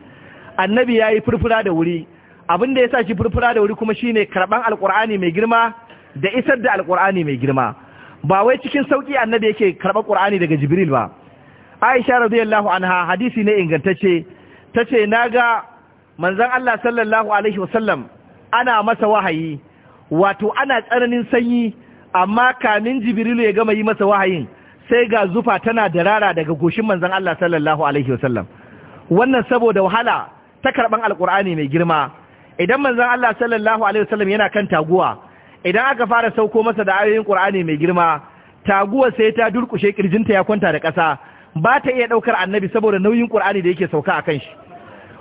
annabi ya yi furfura da wuri abin da ya sa shi furfura da wuri kuma shi shine karɓar alƙur'ani mai girma da isar da alƙur'ani mai girma ba wai cikin sauƙi annabi yake karɓar ƙur'ani daga jibril ba aisha radiyallahu anha hadisi ne ingantacce tace ga Manzan Allah sallallahu alaihi wasallam ana masa wahayi wato ana tsananin sanyi amma kamin jibrilu ya gama yi masa wahayin sai ga zufa tana da rara daga goshin manzan Allah sallallahu alaihi wasallam wannan saboda wahala ta karban alkur'ani mai girma idan manzan Allah sallallahu alaihi wasallam yana kan taguwa idan aka fara sauko masa da ayoyin qur'ani mai girma taguwa sai ta durƙushe ƙirjinta ya kwanta da ƙasa ba ta iya ɗaukar annabi saboda nauyin qur'ani da yake sauka a kan shi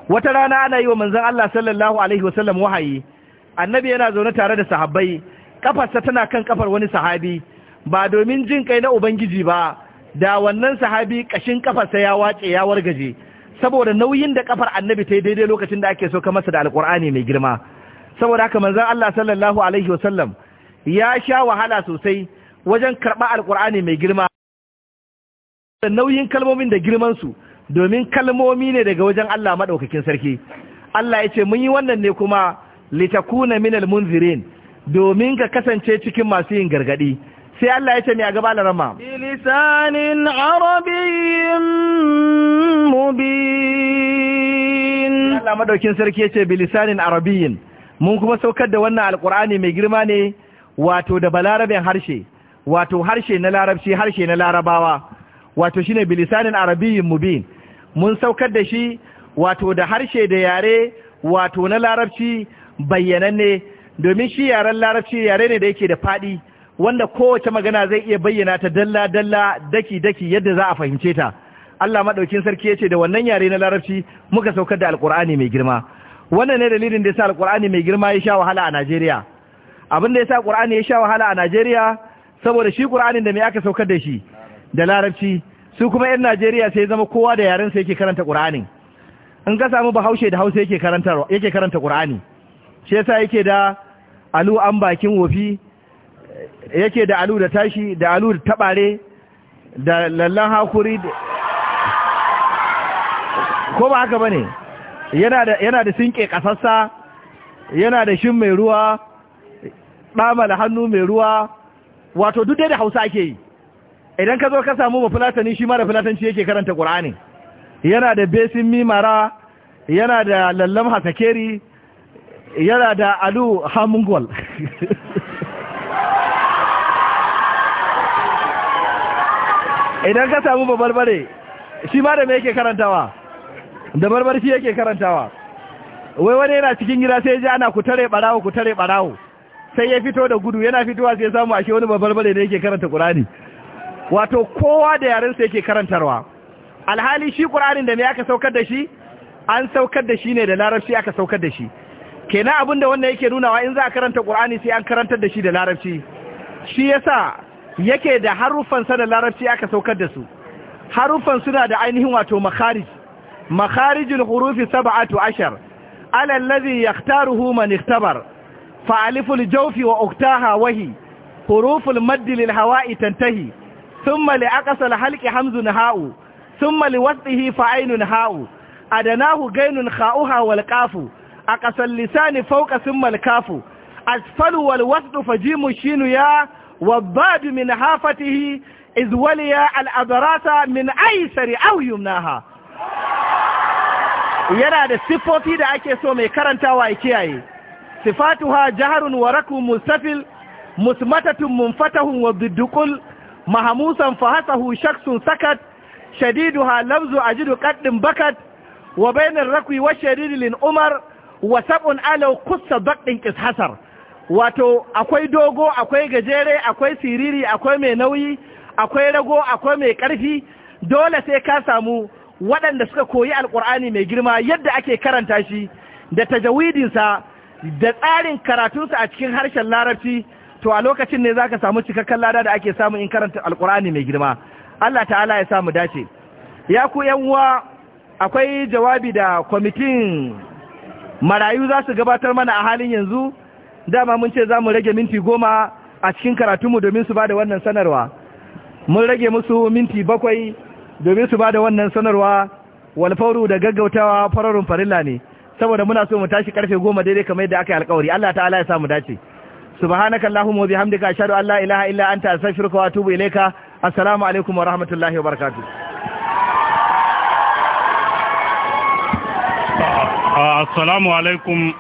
wata rana ana yi wa manzan Allah sallallahu alaihi wasallam wahayi annabi yana zaune tare da sahabbai kafarsa tana kan kafar wani sahabi ba domin jin kai na ubangiji ba da wannan sahabi kashin kafarsa ya wace ya wargaje saboda nauyin da kafar annabi ta yi daidai lokacin da ake so ka masa da alkur'ani mai girma saboda haka manzon Allah sallallahu alaihi wasallam ya sha wahala sosai wajen karɓa alkur'ani mai girma da nauyin kalmomin da girmansu domin kalmomi ne daga wajen Allah maɗaukakin sarki Allah ya ce mun yi wannan ne kuma litakuna minal munzirin domin ka kasance cikin masu yin gargaɗi sai Allah ya ce mai a gaba rama." bilisanin arabiyyin mubin Allah maɗaukin sarki ya ce bilisanin arabiyin mun kuma saukar da wannan Alƙur'ani mai girma ne wato da balarabin harshe wato harshe na larabci harshe na larabawa wato shine bilisanin arabiyin mubin mun saukar da shi wato da harshe da yare wato na larabci bayyananne domin shi yaren larabci yare ne da yake da faɗi wanda kowace magana zai iya bayyana ta dalla-dalla daki-daki yadda za a fahimce ta Allah maɗaukin sarki yace da wannan yare na larabci muka saukar da alƙur'ani mai girma wannan ne dalilin da ya sa mai girma ya sha wahala a Najeriya abin da ya sa ƙur'ani ya sha wahala a Najeriya saboda shi ƙur'anin da me aka saukar da shi da larabci su kuma 'yan najeriya sai zama kowa da yarensa yake karanta ƙur'ani in ka samu bahaushe da hausa yake karanta ƙur'ani shi yasa yake da alu an bakin wofi yake da alu da tashi da alu da taɓare da lallan hakuri ko ba haka ba ne yana da sinke ƙasassa yana da shin mai ruwa ɗamala hannu mai ruwa wato duk dai da hausa ake yi idan ka zo ka samu ba fulatani shi ma da fulatanci yake karanta ƙura'ani, yana da besin mimara yana da lallam hasakeri yana da alu hamungol idan ka samu ba barbare shi ma da mai yake karantawa da barbare shi yake karantawa wai wani yana cikin gida sai ji ana ku tare barawo ku tare barawo sai ya fito da gudu yana fitowa sai samu ashe wani babbar balbare da yake karanta ƙura'ani. wato kowa da yarensa yake karantarwa alhali shi ƙur'anin da me aka saukar da shi an saukar da shi ne da larabci aka saukar da shi kenan abin da wannan yake nunawa in za a karanta ƙur'ani sai an karantar da shi da larabci shi yasa yake da harufansa da larabci aka saukar da su haruffan suna da ainihin wato makharij makharijul hurufi sab'atu ashar ala allazi yaktaruhu man ikhtabar fa aliful jawfi wa uktaha wahi huruful maddi lil hawa'i tantahi ثم لأقصى الحلق حمز هاء ثم لوسطه فعين هاء أدناه غين خاؤها والقاف أقصى اللسان فوق ثم الكاف أسفل والوسط فجيم الشين يا والضاد من هافته إذ ولي الأبرات من أيسر أو يمناها yana da siffofi da ake so mai karantawa a kiyaye sifatuha jaharun wa raku mustafil musmatatun munfatahun wa bidduqul mahamusan fahasahu shaksun sakat shadiduha lafzu ajidu qaddin bakat wa bainar rakwi wa sharidilin umar wa sab'un alau Kusa baqdin qishasar wato akwai dogo akwai gajere akwai siriri akwai mai nauyi akwai rago akwai mai karfi dole sai ka samu waɗanda suka koyi alkur'ani mai girma yadda ake karanta shi da tajawidinsa da tsarin karatunsa a cikin harshen larabci to a lokacin ne zaka samu cikakken lada da ake samu in karanta alkur'ani mai girma Allah ta'ala ya samu dace ya ku uwa akwai jawabi da kwamitin marayu za su gabatar mana a halin yanzu dama mun ce za mu rage minti goma a cikin karatunmu domin su ba wannan sanarwa mun rage musu minti bakwai domin su ba wannan sanarwa walfauru da gaggautawa fararun farilla ne saboda muna so mu tashi karfe goma daidai kamar yadda aka yi alkawari Allah ta'ala ya samu dace subhanaka allahumma wa bihamdika ashhadu an la ilaha illa anta astaghfiruka wa atubu ilayka assalamu alaikum wa rahmatullahi wa barakatuh uh, uh, assalamu alaikum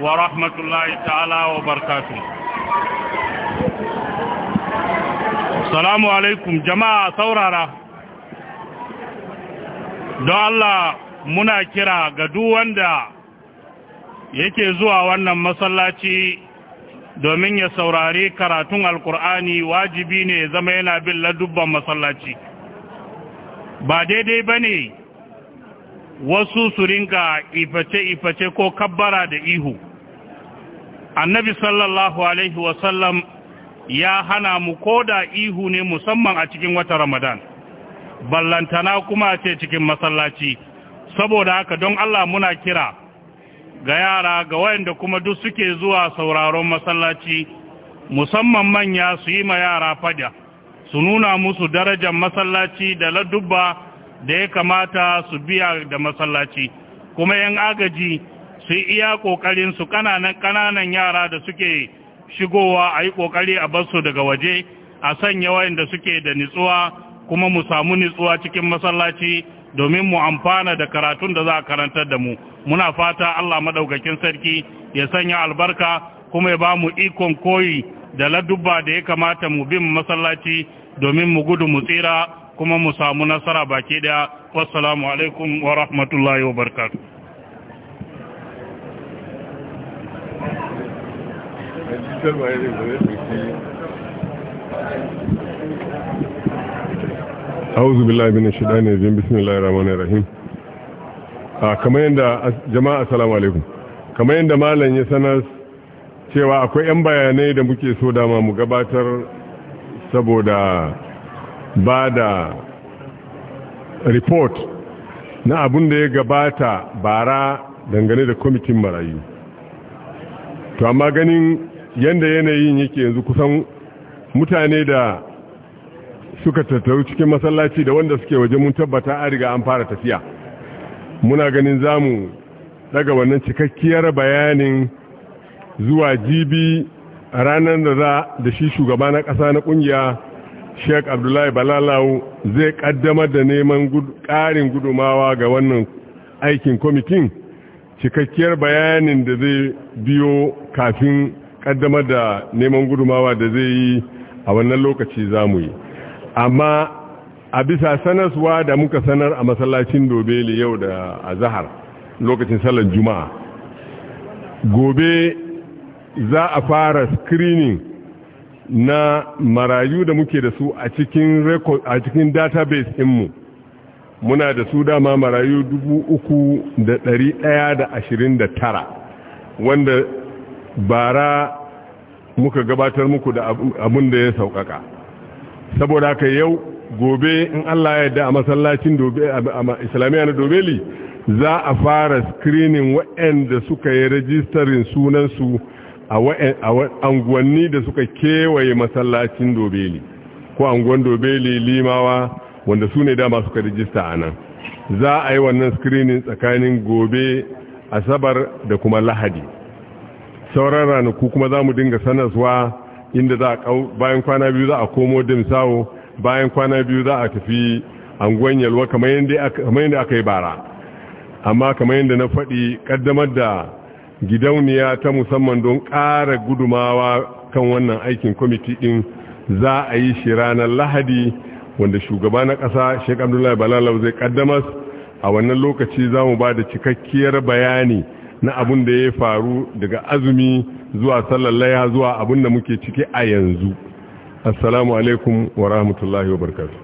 wa rahmatullahi ta'ala wa barakatuh assalamu alaikum jama'a saurara don Allah muna kira ga duk wanda yake zuwa wannan masallaci domin ya saurari karatun alkur'ani wajibi ne ya zama yana bin ladubban masallaci ba daidai ba ne wasu su ringa iface-iface ko kabbara da ihu annabi sallallahu alaihi wasallam ya hana mu ko da ihu ne musamman a cikin wata ramadan ballantana kuma ce cikin masallaci saboda haka don allah muna kira ga yara ga wayanda kuma duk suke zuwa sauraron masallaci musamman manya su yi ma yara fada su nuna musu darajar masallaci da ladubba da ya kamata su biya da masallaci kuma yan agaji su iya kokarin su kananan kananan yara da suke shigowa a yi kokari a basu daga waje a sanya wayanda suke da nitsuwa kuma mu samu nitsuwa cikin masallaci domin mu amfana da karatun da za a karantar da mu muna fata Allah madaukakin sarki ya sanya albarka kuma ya ba mu ikon koyi da ladubba da ya kamata mu bin masallaci domin mu gudu mu tsira kuma mu samu nasara baki daya wassalamu alaikum wa rahmatullahi wa barakatuh Thank you. auzu billahi bin shidani rajim bismillahir rahmanir rahim a ah, kamar yanda jama'a assalamu alaikum kamar yanda malam ya sanar cewa akwai yan bayanai da muke so dama mu gabatar saboda bada da report na abun da ya gabata bara dangane da kwamitin marayu to amma ganin yanda yanayin yake yanzu kusan mutane da suka tattaru cikin masallaci da wanda suke waje mun tabbata an riga an fara tafiya muna ganin zamu daga wannan cikakkiyar bayanin zuwa jibi ranar da za da shi shugaba na ƙasa na ƙungiya sheik abdullahi balalau zai ƙaddamar da neman ƙarin gudumawa ga wannan aikin kwamitin cikakkiyar bayanin da zai biyo kafin ƙaddamar da neman gudumawa da zai yi a wannan lokaci zamu yi amma a bisa sanarwa da muka sanar a masallacin dobele yau da a azahar lokacin sallar juma'a gobe za a fara screening na marayu da muke da su a cikin record a cikin database mu muna da su dama marayu 3,129 wanda bara muka gabatar muku da abin da ya sauƙaƙa saboda haka yau gobe in Allah ya yarda a masallacin dobe a islamiyya na dobeli za a fara screening waɗanda suka yi rajistarin sunansu a angwanni da suka kewaye masallacin dobeli ko anguwan dobeli limawa wanda su ne dama suka rajista a nan za a yi wannan screening tsakanin gobe asabar da kuma lahadi sauran ranaku kuma za mu dinga sanarwa inda za a bayan kwana biyu za a komo dimsawo bayan kwana biyu za a tafi anguwan yalwa kamar yadda aka yi bara amma kamar yadda na faɗi ƙaddamar da gidauniya ta musamman don ƙara gudumawa kan wannan aikin kwamiti ɗin za a yi shi ranar lahadi wanda shugaba na ƙasa sheik abdullahi balalau zai ƙaddamar a wannan lokaci za mu ba da cikakkiyar bayani na abun da ya faru daga azumi zuwa sallallaya zuwa abun da muke ciki a yanzu assalamu alaikum wa rahmatullahi wa barkatu.